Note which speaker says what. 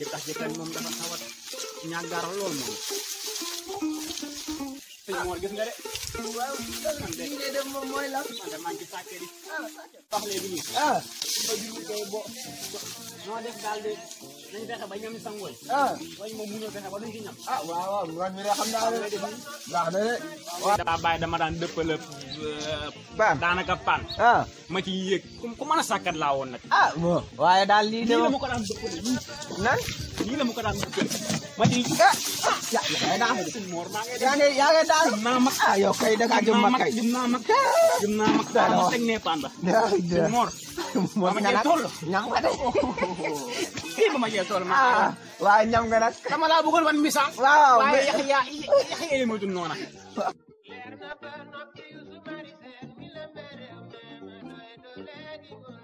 Speaker 1: ndax jëkkër moom dafa tawat ñàggaar lool moom sëñ
Speaker 2: Mor nga
Speaker 3: de waaw li ngay moom mooy la man de maa ngi ci di wax léegi de nañ de ah, xam naa ne baax
Speaker 2: na
Speaker 1: de daa bàyyi dama daan dëppale euh, daanaka pan ah. ma ci yéeg ku mën a sàkkat laa woon nag. ah bon waaye daal lii de. lii la ma ko daan dëppale lii. nan lii la ma ko daan dëppale. ma ci ah ah. yaa yaa daa yaa
Speaker 4: ngi yaa
Speaker 5: ngi daal. naa mag
Speaker 4: ah yow kay da ngaa jëm mag kay. jëm naa mag jëm naa mag. daa ma teg nee
Speaker 5: panda. moor. moor nga nag ñam nga de. kii ba ma jee tool ma. ah waaye ñam nga nag. dama laa bëggoon wan misaal. waaw waaye yax yaa yax yaa ma dund noona. léegi